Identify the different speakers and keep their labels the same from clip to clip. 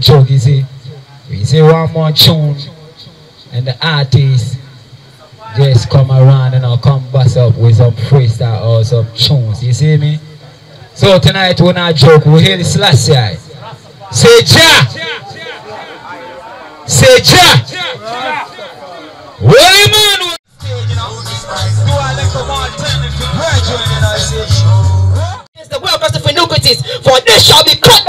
Speaker 1: Joke, you see. We say one more tune, and the artist just come around and I'll come bust up with some freestyle or some tunes, you see me? So tonight when I joke, we hear this last year. Say Ja! Say Ja! Holy man! It's the world of iniquities, for this shall be cut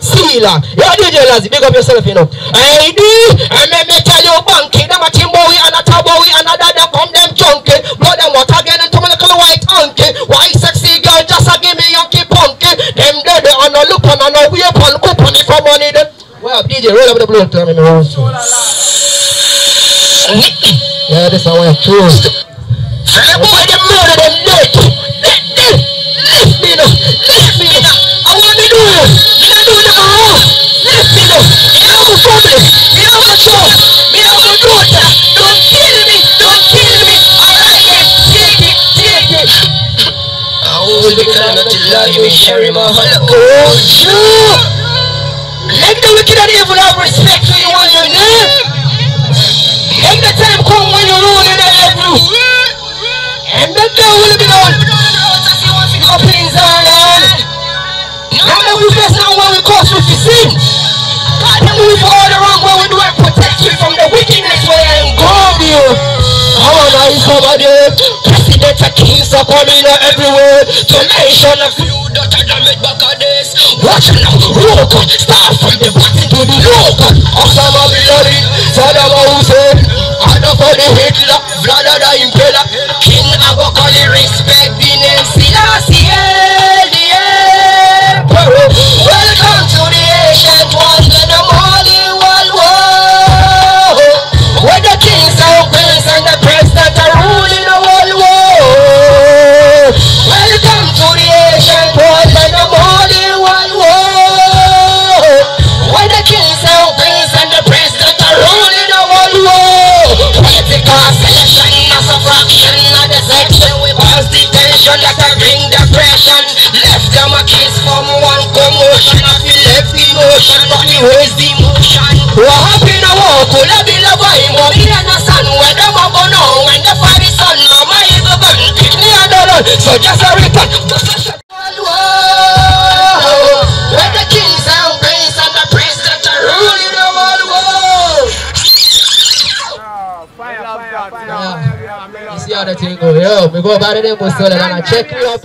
Speaker 1: Sila. Yo DJ Lazzy, big up yourself, you know. I do. And then me tell you banky. Them a timboy and a taboy and a dada from them junkie. Blood them water again and tumble color white hunky. White sexy girl just a give me yonky punky. Them dead on a look on and a weep on up on it for money then. Well, DJ, roll up the blood to me, you Yeah, this is how I choose. Philip, them أعوذ بكلمة Let the wicked and evil have respect for you and your name. Let the time come when you rule in the earth. And that day will be known. Open in Now that we face now when we cause with the sin. God, then we for all the we do and protect you from the wickedness where I am going you. Oh, now you come the kings are coming out everywhere to nation of you that are back of this. Watch now, look, start from the bottom to the look. Osama bin Laden, Saddam Hussein, and for the Hitler. Everybody the motion. is kick me so just a yo. We go about it, we go so that check you up.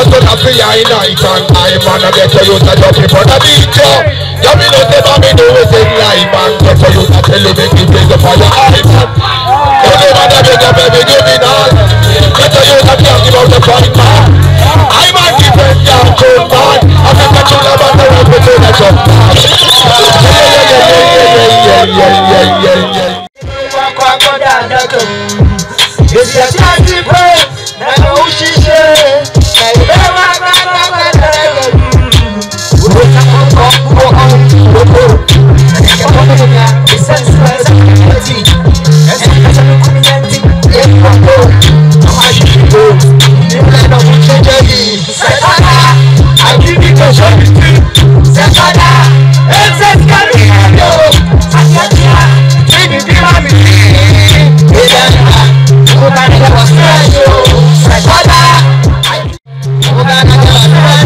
Speaker 1: just don't have to yai night and time And I get to you to jump in front of me job Yeah, me know say mommy do it in life And get to you to tell you make you play the fire eyes Don't you to make up every game in all Get to you to talk about the fight man I'm a different young cold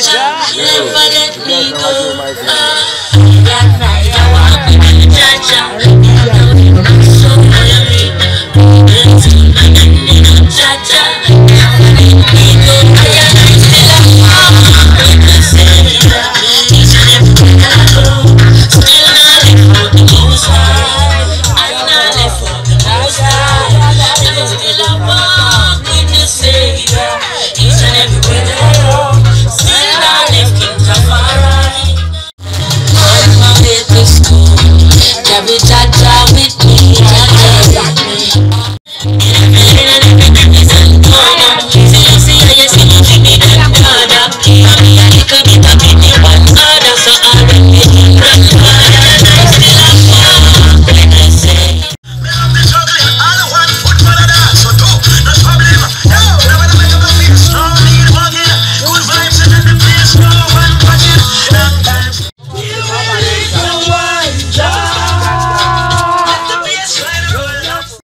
Speaker 1: Never let me go.